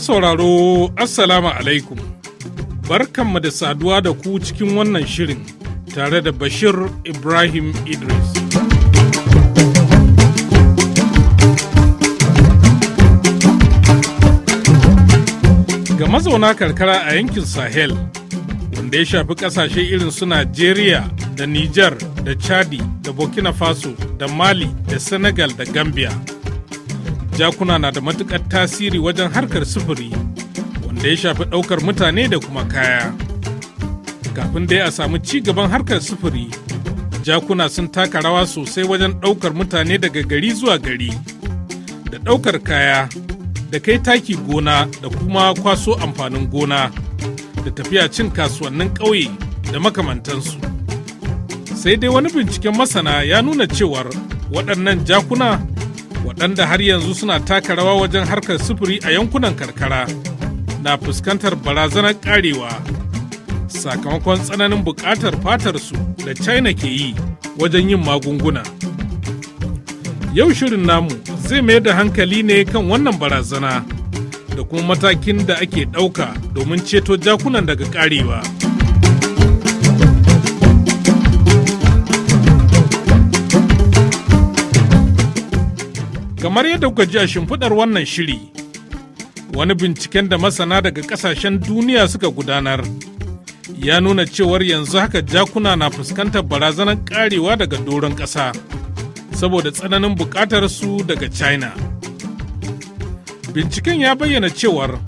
Masu sauraro, Assalamu alaikum. Barkanmu da saduwa da ku cikin wannan shirin tare da Bashir Ibrahim Idris. Ga mazauna karkara a yankin Sahel, wanda ya shafi kasashe irin su Najeriya da Nijar da Chadi da Burkina Faso da Mali da Senegal da Gambia. jakuna na da matukar tasiri wajen harkar sufuri wanda ya shafi ɗaukar mutane da kuma kaya kafin dai a samu ci gaban harkar sufuri jakuna sun taka rawa sosai wajen ɗaukar mutane daga gari zuwa gari da ɗaukar kaya da kai taki gona da kuma kwaso amfanin gona da tafiya cin kasuwannin ƙauye da makamantansu sai dai wani binciken masana ya nuna cewar waɗannan jakuna waɗanda har yanzu suna taka rawa wajen harkar sufuri a yankunan karkara na fuskantar barazanar karewa sakamakon tsananin buƙatar fatarsu da china ke yi wajen yin magunguna yau shirin namu zai mayar da hankali ne kan wannan barazana da kuma matakin da ake ɗauka domin ceto jakunan daga karewa. Kamar yadda kuka ji a shimfiɗar wannan shiri, wani binciken da masana daga ƙasashen duniya suka gudanar ya nuna cewar yanzu haka jakuna na fuskantar barazanar ƙarewa daga doron ƙasa saboda tsananin buƙatar su daga China. Binciken ya bayyana cewar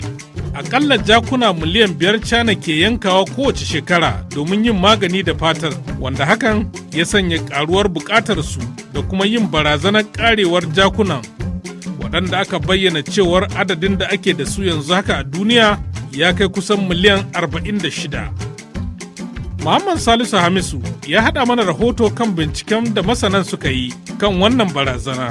akalla jakuna miliyan biyar China ke yankawa kowace shekara domin yin magani da fatar wanda hakan ya sanya ƙaruwar buƙatar su da kuma yin barazanar ƙarewar jakunan waɗanda aka bayyana cewar adadin da ake da su yanzu haka a duniya ya kai kusan miliyan 46. Muhammad Salisu Hamisu ya haɗa mana rahoto kan binciken da masanan suka yi kan wannan barazana.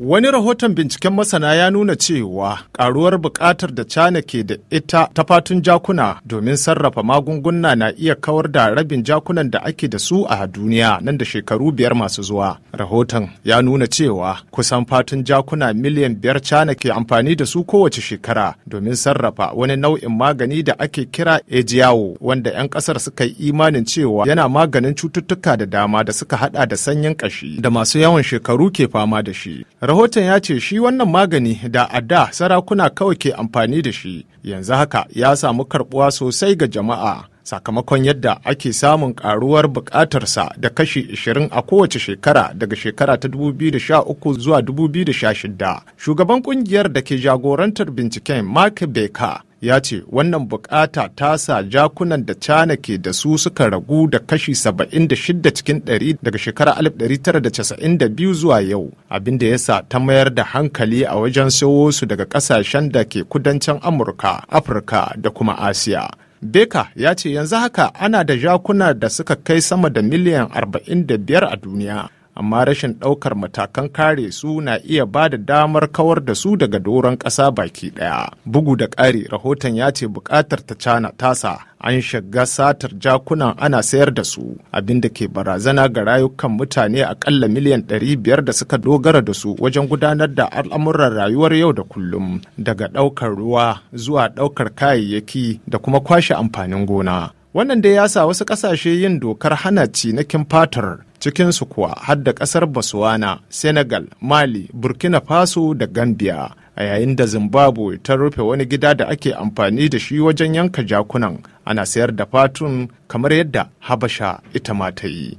Wani rahoton binciken masana ya nuna cewa karuwar buƙatar da China ke da ita ta fatun jakuna domin sarrafa magunguna na iya kawar da rabin jakunan da ake da su a duniya nan da shekaru biyar masu zuwa. Rahoton ya nuna cewa kusan fatun jakuna miliyan biyar China ke amfani da su kowace shekara domin sarrafa wani nau'in magani da ake kira ejiyawo wanda 'yan ƙasar suka yi imanin cewa yana maganin cututtuka da dama da suka hada da sanyin ƙashi da masu yawan shekaru ke fama da shi. Rahoton ya ce shi wannan magani da a da sarakuna kawai ke amfani da shi yanzu haka ya samu karbuwa sosai ga jama'a sakamakon yadda ake samun karuwar bukatarsa da kashi 20 a kowace shekara daga shekara ta 2013 zuwa 2016. Shugaban kungiyar da ke jagorantar binciken Mark Baker ya ce wannan bukata ta sa jakunan da cana ke da su suka ragu da kashi 76 cikin 100 daga shekarar 1992 zuwa yau abinda ya sa ta mayar da hankali a wajen sayo su daga kasashen da ke kudancin Amurka, Afirka da kuma Asiya. Beka ya ce yanzu haka ana da jakuna da suka kai sama da miliyan 45 a duniya amma rashin ɗaukar matakan kare su na iya ba da damar kawar da su daga doron ƙasa baki ɗaya. Bugu da ƙari rahoton ya ce buƙatar ta cana tasa an shiga satar jakunan ana sayar da su abin da ke barazana ga rayukan mutane aƙalla miliyan 500 da suka dogara da su wajen gudanar da al'amuran rayuwar yau da kullum daga ɗaukar ruwa zuwa ɗaukar kayayyaki da kuma kwashe amfanin gona. Wannan dai ya sa wasu ƙasashe yin dokar hana cinikin fatar cikinsu kuwa har da ƙasar botswana senegal mali burkina faso da gambia a yayin da zimbabwe ta rufe wani gida da ake amfani da shi wajen yanka jakunan ana sayar da fatun kamar yadda habasha ita ma ta yi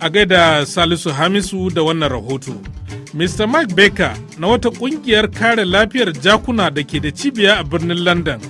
a gaida salisu hamisu da wannan rahoto mr mark baker na wata kungiyar kare lafiyar jakuna da ke da cibiya a birnin london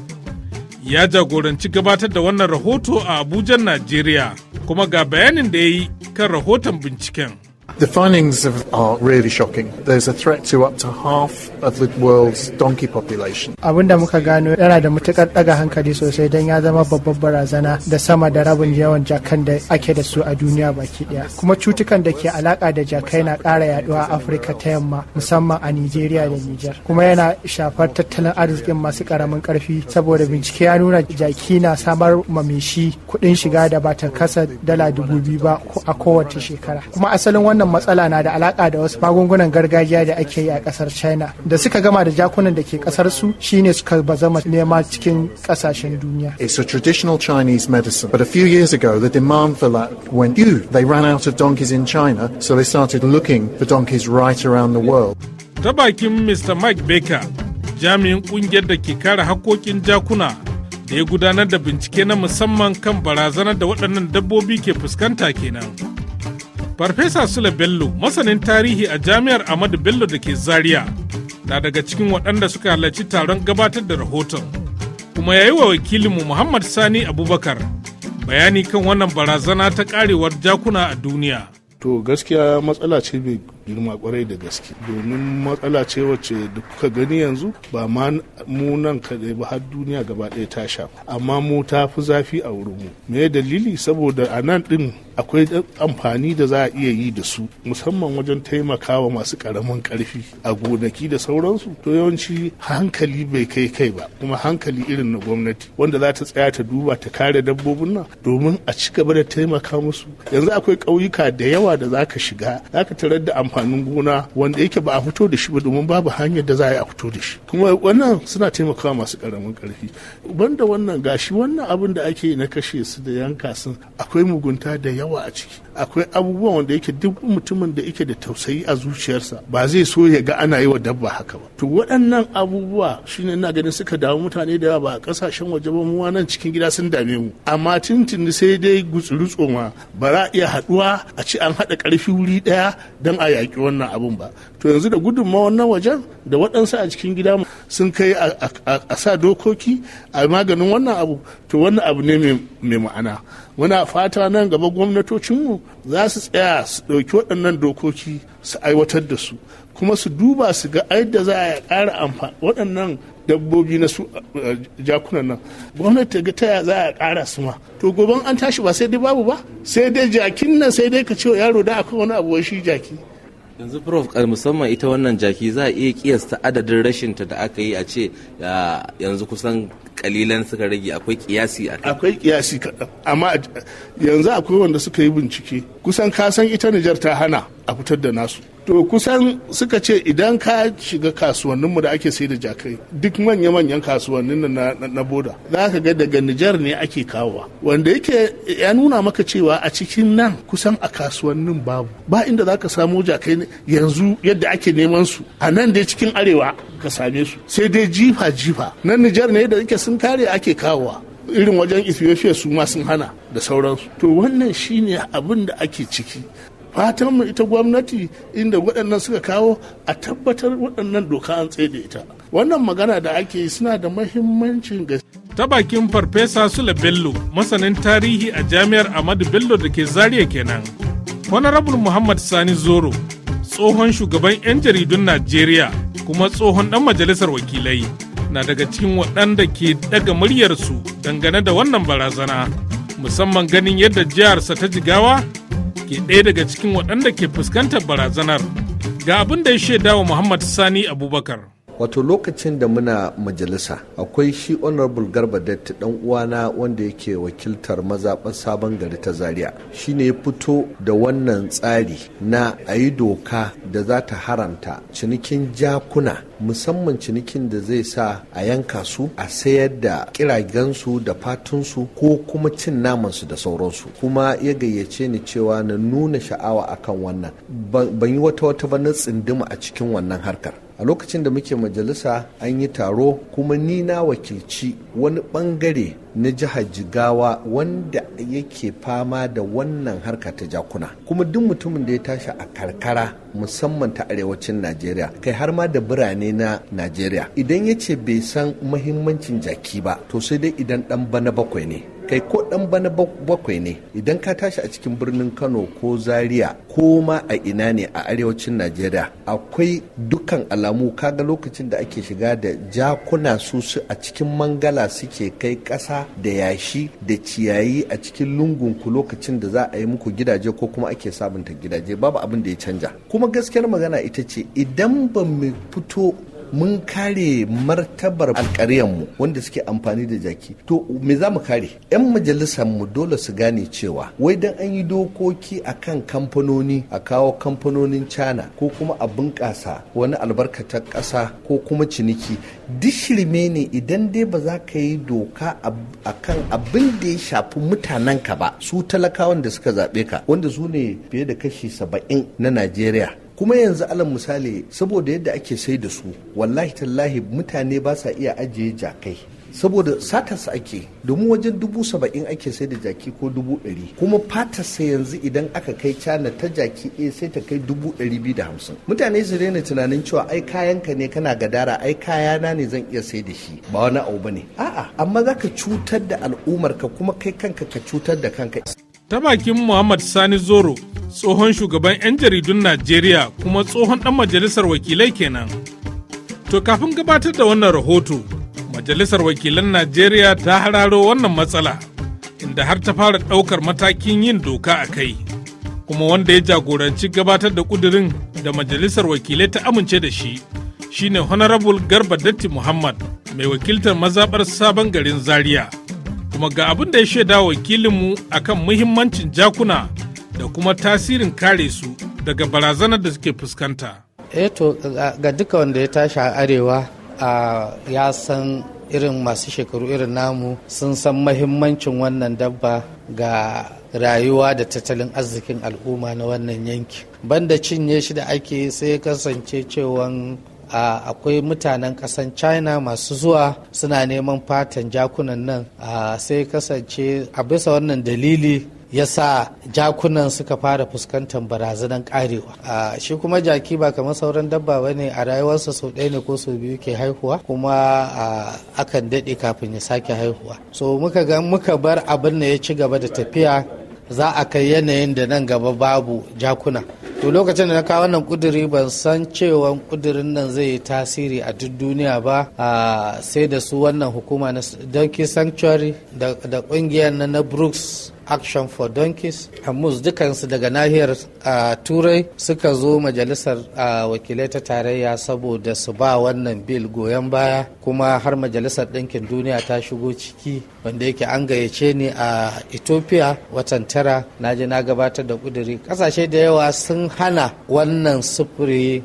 ya jagoranci gabatar da wannan rahoto a abuja najeriya kuma ga bayanin da ya yi kan rahoton binciken. The findings of, are really shocking. There's a threat to up to half of the world's donkey population. Abin da muka gano yana da matukar ɗaga hankali sosai don ya zama babbar barazana da sama da rabin yawan jakan da ake da su a duniya baki ɗaya. Kuma cutukan da ke alaƙa da jakai na ƙara yaɗuwa a Afirka ta yamma musamman a Nigeria da Niger. Kuma yana shafar tattalin arzikin masu karamin karfi saboda bincike ya nuna jaki na samar shi kuɗin shiga da ba ta kasa dala dubu biyu ba a kowace shekara. Kuma asalin wannan wannan matsala na da alaka da wasu magungunan gargajiya da ake yi a kasar china da suka gama da jakunan da ke kasar su shine suka bazama nema cikin kasashen duniya it's a traditional chinese medicine but a few years ago the demand for that went huge they ran out of donkeys in china so they started looking for donkeys right around the world ta bakin mr mike baker jami'in kungiyar da ke kare hakokin jakuna da ya gudanar da bincike na musamman kan barazanar da waɗannan dabbobi ke fuskanta kenan. Farfesa Sule Bello, masanin tarihi a Jami'ar Ahmadu Bello da ke Zaria, na daga cikin waɗanda suka halarci taron gabatar da rahoton. Kuma ya yi wa wakilinmu Muhammad Sani Abubakar bayani kan wannan barazana ta ƙarewar jakuna a duniya. To gaskiya matsala ce girma kwarai da gaske domin matsala ce wacce da kuka gani yanzu ba ma mu nan kaɗai ba har duniya gaba ɗaya ta sha amma mu ta fi zafi a wurin mu me dalili saboda a nan ɗin akwai amfani da za a iya yi da su musamman wajen taimakawa masu ƙaramin ƙarfi a gonaki da sauransu to yawanci hankali bai kai kai ba kuma hankali irin na gwamnati wanda za ta tsaya ta duba ta kare dabbobin nan domin a ci gaba da taimaka musu yanzu akwai ƙauyuka da yawa da za ka shiga za ka tarar da amfanin gona wanda yake ba a fito da shi ba domin babu hanyar da za a yi a fito da shi kuma wannan suna taimakawa masu karamin karfi banda wannan gashi wannan abin da ake na kashe su da yanka sun akwai mugunta da yawa a ciki akwai abubuwan wanda yake duk mutumin da yake da tausayi a zuciyarsa ba zai so ya ga ana yi wa dabba haka ba to waɗannan abubuwa shine ina ganin suka damu mutane da ba kasashen waje ba mu nan cikin gida sun dame mu amma tintin sai dai gutsuru tsoma ba za iya haɗuwa a ci an haɗa ƙarfi wuri ɗaya don a yaƙi wannan abun ba to yanzu da gudunmawar na wajen da waɗansu a cikin gida sun kai a sa dokoki a maganin wannan abu to wannan abu ne mai ma'ana muna fata nan gaba gwamnatocinmu za su tsaya su ɗauki waɗannan dokoki su aiwatar da su kuma su duba su ga yadda za a ƙara amfani waɗannan dabbobi na su jakunan nan gwamnati ga taya za a ƙara su ma to gobe an tashi ba sai dai babu ba sai dai jakin nan sai dai ka ce yaro da akwai wani abu shi jaki yanzu prof eh, musamman ita wannan jaki za a iya kiyasta adadin rashinta da aka yi a ce yanzu kusan kalilan suka rage akwai kiyasi a akwai kiyasi kaɗan amma yanzu akwai wanda suka yi bincike kusan kasan ita nijar ta hana a fitar da nasu to kusan suka ce idan ka shiga kasuwanninmu da ake sai da jakai duk manya-manyan kasuwannin na, na, na boda za ka ga daga nijar ne ake kawowa wanda yake ya nuna maka cewa a cikin nan kusan a kasuwannin babu ba inda za ka samo jakai yanzu yadda ake neman su a nan dai cikin arewa ka same su sai dai jifa-jifa na nijar ne da yake sun kare ake kawowa irin wajen ethiopia su ma sun hana da sauransu to wannan shine abin da ake ciki fatan mu ita gwamnati inda waɗannan suka kawo a tabbatar waɗannan doka an tsaye da ita wannan magana da ake yi suna da mahimmancin gaske ta bakin farfesa sule bello masanin tarihi a jami'ar Amadu bello da ke Zariya kenan honorable muhammad sani zoro tsohon shugaban 'yan jaridun najeriya kuma tsohon dan majalisar wakilai na daga cikin waɗanda ke daga muryarsu dangane da wannan barazana musamman ganin yadda jiharsa ta jigawa ke ɗaya daga cikin waɗanda ke fuskantar barazanar ga abin da ya shaida wa Muhammad Sani Abubakar. wato lokacin da muna majalisa akwai shi honorable garba datti dan uwana wanda yake wakiltar mazaɓar sabon gari ta zaria shine ya fito da wannan tsari na a yi doka da za ta haramta cinikin jakuna musamman cinikin da zai sa a yanka su a sayar da kiragensu da fatunsu ko kuma cin namansu da sauransu kuma ya gayyace ni cewa na nuna sha'awa akan wannan ban yi wata wata ba na tsindima a cikin wannan harkar a lokacin da muke majalisa an yi taro kuma ni na wakilci wani bangare na jihar jigawa wanda yake fama da wannan harka ta jakuna kuma duk mutumin da ya tashi a karkara musamman ta arewacin najeriya kai har ma da birane na najeriya idan yace bai san mahimmancin jaki ba to sai dai idan dan bana bakwai ne kai ko dan bana bakwai ne idan ka tashi a cikin birnin kano ko zaria ko ma a ina ne a arewacin najeriya akwai dukkan alamu kaga lokacin da ake shiga da jakuna su su a cikin mangala suke kai ƙasa da yashi da ciyayi a cikin lungunku lokacin da za a yi muku gidaje ko kuma ake sabunta gidaje babu abin da ya canja kuma gaskiyar magana ita ce idan ba mu fito mun kare martabar mu wanda suke amfani da jaki to me za mu kare 'yan majalisar mu dole su gane cewa wai dan an yi dokoki a kan kamfanoni a kawo kamfanonin cana ko kuma a bunƙasa wani albarkatar ƙasa ko kuma ciniki dishirme ne idan dai ba za ka yi doka akan abin da ya shafi mutanen ka ba su talakawan da suka zaɓe ka wanda su ne fiye da kashi saba'in na najeriya kuma yanzu alal misali saboda yadda ake sai da su wallahi tallahi mutane ba sa iya ajiye jakai saboda satarsa ake domin wajen dubu saba'in ake sai da jaki ko dubu ɗari kuma fatarsa yanzu idan aka kai cana ta jaki a sai ta kai dubu ɗari biyu da hamsin mutane su daina tunanin cewa ai kayanka ne kana gadara ai kayana ne zan iya sai da shi ba wani abu ne. a'a amma zaka cutar da al'umarka kuma kai kanka ka cutar da kanka ta bakin Muhammad Sani Zoro tsohon shugaban 'yan jaridun Najeriya kuma tsohon ɗan majalisar wakilai kenan. To kafin gabatar da wannan rahoto, majalisar wakilan Najeriya ta hararo wannan matsala inda har ta fara ɗaukar matakin yin doka a kai. Kuma wanda ya jagoranci gabatar da ƙudurin da majalisar wakilai ta amince da shi shine Honorable Garba Datti Muhammad mai wakiltar mazaɓar sabon garin Zaria. kuma ga abin da ya shaida wakilinmu akan muhimmancin jakuna da kuma tasirin kare su daga barazanar da suke fuskanta. Eh to ga duka wanda ya tashi a arewa ya san irin masu shekaru irin namu sun san mahimmancin wannan dabba ga rayuwa da tattalin arzikin al'umma na wannan yanki banda cinye shi da ake sai kasance cewan a akwai mutanen kasan china masu zuwa suna neman fatan jakunan nan sai kasance a bisa wannan dalili ya sa jakunan suka fara fuskantar barazanan karewa shi kuma jaki ba kamar sauran dabba ba ne a rayuwarsa sau ɗaya ne ko sau biyu ke haihuwa kuma akan daɗe kafin ya sake haihuwa so muka ga muka bar abin da ya ci gaba da tafiya za a kai yanayin da nan gaba babu jakuna to lokacin da na kawo wannan kuduri ban san cewa kudirin nan zai yi tasiri a duk duniya ba sai da su wannan hukuma na donkey sanctuary da kungiyar na brooks action for donkeys hamus dukansu daga nahiyar turai suka zo majalisar wakilai ta tarayya saboda su ba wannan bil goyon baya kuma har majalisar ɗinkin duniya ta shigo ciki wanda yake an gayyace ni a ethiopia watan tara na je na gabatar da kuduri ƙasashe da yawa sun hana wannan sufuri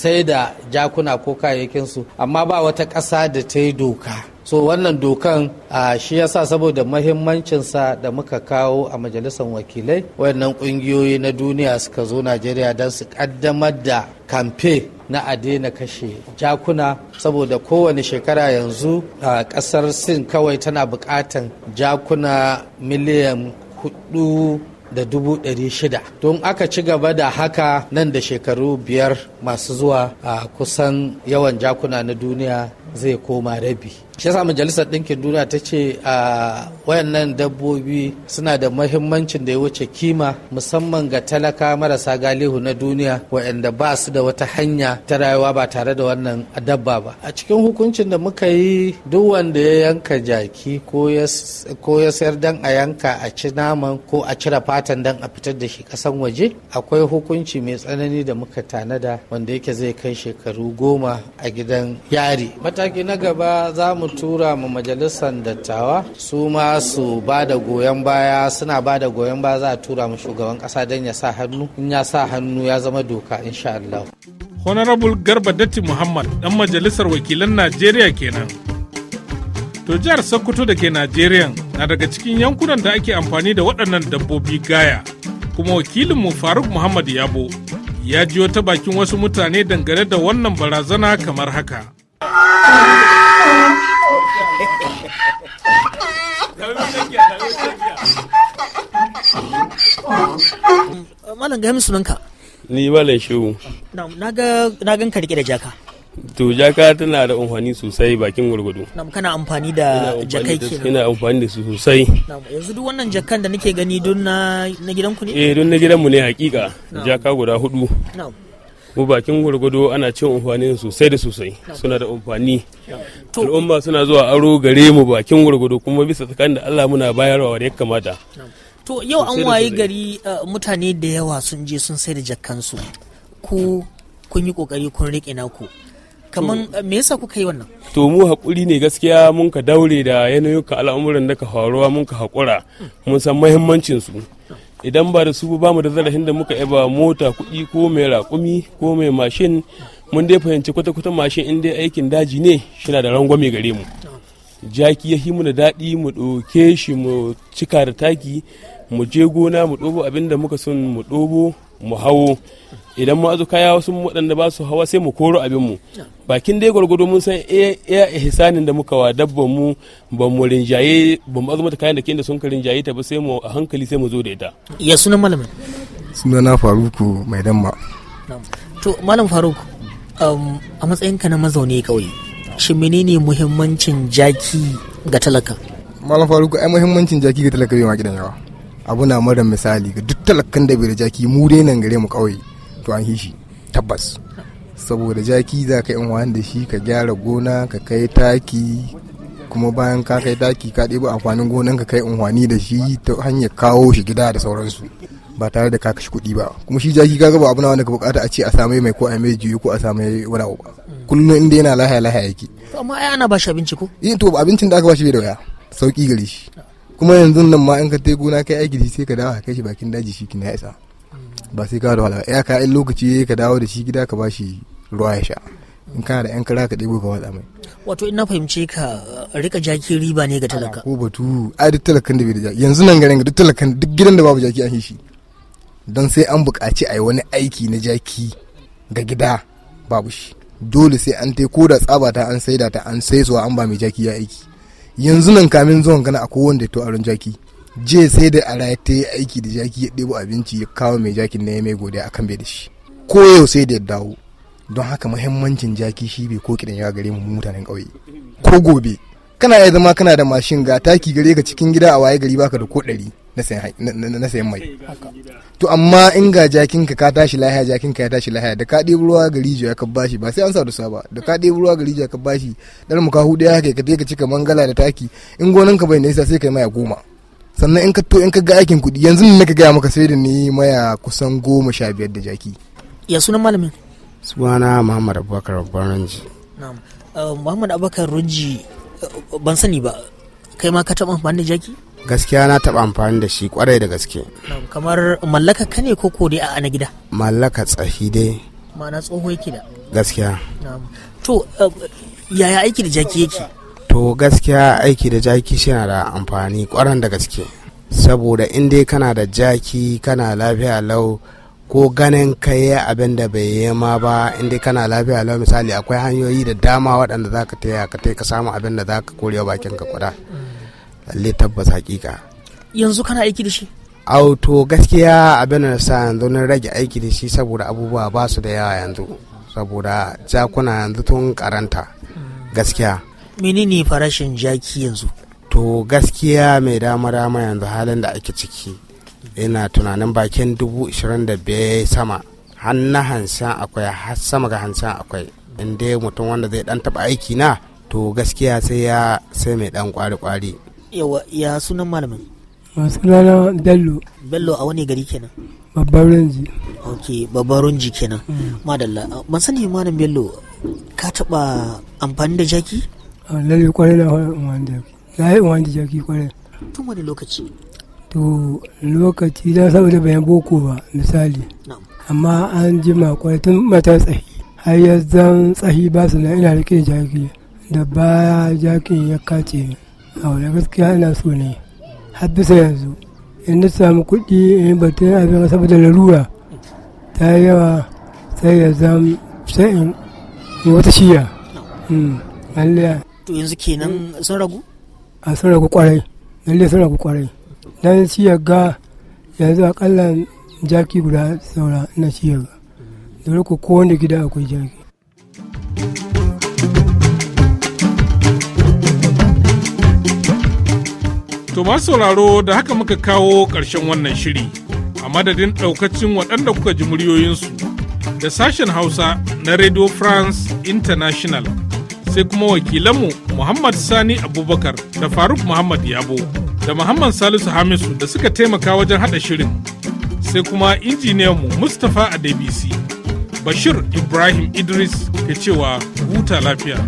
sai da jakuna ko kayayyakinsu amma ba wata ƙasa da ta yi doka so wannan dokan a shi yasa saboda mahimmancinsa da muka kawo a majalisar wakilai wannan ƙungiyoyi na duniya suka zo najeriya don su kaddamar da kamfe na adena kashe jakuna saboda kowane shekara yanzu a ƙasar sin kawai tana bukatan jakuna miliyan huɗu. da dubu ɗari shida don aka ci gaba da haka nan da shekaru biyar masu zuwa a kusan yawan jakuna na duniya zai koma rabi shi yasa majalisar ɗinkin duniya ta ce a wayannan dabbobi suna da mahimmancin da ya wuce kima musamman ga talaka marasa galihu na duniya wayanda ba su da wata hanya ta rayuwa ba tare da wannan dabba ba a cikin hukuncin da muka yi duk wanda ya yanka jaki ko ya sayar dan a yanka a ci naman ko a cire fatan dan a fitar da shi kasan waje akwai hukunci mai tsanani da muka tanada wanda yake zai kai shekaru goma a gidan yari mataki na gaba za mu mu tura mu majalisar dattawa su ma su ba da goyon baya suna ba da goyon baya za a tura mu shugaban kasa don ya sa hannu in ya sa hannu ya zama doka insha Allah. Honorable Garba Datti Muhammad dan majalisar wakilan Najeriya kenan. To jihar Sokoto da ke Najeriya na daga cikin yankunan da ake amfani da waɗannan dabbobi gaya kuma wakilin mu Faruk Muhammad Yabo ya jiyo ta bakin wasu mutane dangane da wannan barazana kamar haka. Malam ga nanka. Ni Malam Shehu. Na gan ka da jaka. To jaka tana da amfani sosai bakin gwargwado. Nam kana amfani da jakai ke. Ina amfani da su sosai. yanzu duk wannan jakan da nake gani don na gidanku ne? Eh don na gidanmu ne hakika. Jaka guda hudu. Na'am. mu bakin gwargwado ana cin amfani sosai da sosai suna da amfani al'umma suna zuwa aro gare mu bakin gwargwado kuma bisa tsakanin da Allah muna bayarwa da ya kamata to yau an waye gari eh, mutane da yawa sun je sun sai da jakkansu ku kun yi kokari kun rike naku kamar eh, me yasa kuka yi wannan to mu hakuri ne gaskiya mun ka daure da yanayin ka al'amuran da ka faruwa mun ka hakura mun san muhimmancin su idan ba da su ba mu da zarafin da muka yaba mota kuɗi ko mai raƙumi ko mai mashin mun dai fahimci kwata-kwata mashin in dai aikin daji ne shina da rangwame gare mu jaki ya himu da daɗi mu ɗauke shi mu cika da taki mu je gona mu ɗobo abin da muka son mu ɗobo mu hawo idan mu azu ya wasu waɗanda ba su hawa sai mu koro abin mu bakin dai gwargwado mun san iya ihsanin da muka wa dabban mu ba mu rinjaye ba mu azumata kayan da ke da sun ka rinjaye ta ba sai mu a hankali sai mu zo da ita ya sunan malamin sunana faruku mai damma to malam faruk um, a matsayinka na mazaune kauye shi menene muhimmancin jaki ga talaka malam faruk ai muhimmancin jaki ga talaka bai ma gidan yawa abu na mara misali ga duk talakan da bai da jaki mu dai nan gare mu kawai to an hishi tabbas saboda jaki za ka yi wani da shi ka gyara gona ka kai taki kuma bayan ka kai taki ka ɗebi amfanin gonan ka kai unhwani da shi ta hanyar kawo shi gida da sauransu ba tare da ka kashe kuɗi ba kuma shi jaki ka ba abu na wanda ka bukata a ce a same mai ko a mai juyi ko a same wani abu kullum inda yana lahaya lahaya yake to amma ai ana ba shi abinci ko eh to abincin da aka ba shi bai da waya sauki gare shi kuma yanzu nan ma in ka te gona kai aiki da shi sai ka dawo kai shi bakin daji shi kina ya isa ba sai ka da ya ka in lokaci ka dawo da shi gida ka ba shi ruwa ya sha in kana da yan kara ka ɗebo ka watsa mai wato in na fahimce ka rika jaki riba ne ga talaka ko batu ai duk talakan da bai da jaki yanzu nan garin duk talakan duk gidan da babu jaki an shi don sai an buƙaci a yi wani aiki na jaki ga gida babu shi dole sai an tai ko da tsaba ta an saida ta an zuwa an ba mai jaki ya aiki yanzu nan kamin zuwan gana a wanda ya to aron jaki je sai da ara ta yi aiki da jaki ya ɗebo abinci ya kawo mai jakin na ya mai godiya akan bai da shi ko yau sai da ya dawo don haka mahimmancin jaki shi bai ko kidan ya gare mu mutanen ƙauye ko gobe kana ya zama kana da mashin ga taki gare ka cikin gida a waye gari baka da ko ɗari na sayan mai to amma in ga jakinka ka tashi lahiya jakinka ya tashi lahiya da ka ɗebi ruwa ga rijiya ka bashi ba sai an sa dusa ba da ka ɗebi ruwa ga rijiya ka bashi dan mu ka hudu ya ka je ka cika mangala da taki in gonan ka bai nisa sai kai maya goma sannan in ka to in ka ga aikin kuɗi yanzu ne ka gaya maka sai da ni maya kusan goma sha biyar da jaki ya sunan malamin sunana muhammad abubakar ranji na'am uh, muhammad abubakar ranji uh, ban sani ba kai ma ka taɓa amfani da jaki gaskiya na taɓa amfani da shi kwarai da gaske kamar mallaka ka ne ko ko dai a ana gida mallaka tsahi dai ma'ana tsoho yake da gaskiya to eh, yaya aiki da jaki yake to gaskiya aiki da jaki shi da amfani kwaran da gaske saboda in dai kana da jaki kana lafiya lau ko ganin ka yi abin da bai yi ma ba in dai kana lafiya lau misali akwai hanyoyi da dama waɗanda za ka taya ka ka samu abin da za ka korewa bakin ka kuɗa. lalle tabbas hakika yanzu kana aiki da shi auto gaskiya abin da sa yanzu na rage aiki da shi saboda abubuwa ba su da yawa yanzu saboda jakuna yanzu tun karanta gaskiya menene farashin jaki yanzu to gaskiya mai dama dama yanzu halin da ake ciki ina tunanin bakin dubu ishirin da biyar sama har na hansan akwai har sama ga hansan akwai in dai mutum wanda zai dan taba aiki na to gaskiya sai ya sai mai dan kwari kwari yawa ya sunan malamin sunana bello bello a wani gari kenan babban runji ok babban runji kenan hmm. madalla ah, ban sani malam bello ka taba amfani da jaki A ah, lalai kwarai na umar da na yi umar da jaki kwarai tun wani lokaci to lokaci don saboda bayan boko ba misali amma an jima kwarai tun mata tsahi har yanzu tsahi ba su na ina da jaki da baya jakin ya kace da gaskiya ina so ne har bisa yanzu in na samu kuɗi in batun abin saboda larura ta yawa sai ya zama sai in wata shiya hmm, to yanzu kenan sun ragu a sun ragu kwarai lalle sun ragu kwarai na shiya ga yanzu akalla jaki guda saura na shiya ga dole ko kowane gida akwai jaki To masu sauraro da haka muka kawo ƙarshen wannan shiri a madadin ɗaukacin waɗanda kuka ji muryoyinsu da sashen Hausa na Radio France International sai kuma wakilanmu Muhammad Sani Abubakar da Faruk Muhammad Yabo da Muhammad Salisu Hamisu da suka taimaka wajen haɗa shirin sai kuma injiniyanmu Mustapha Adebisi Bashir Ibrahim Idris ke cewa huta lafiya.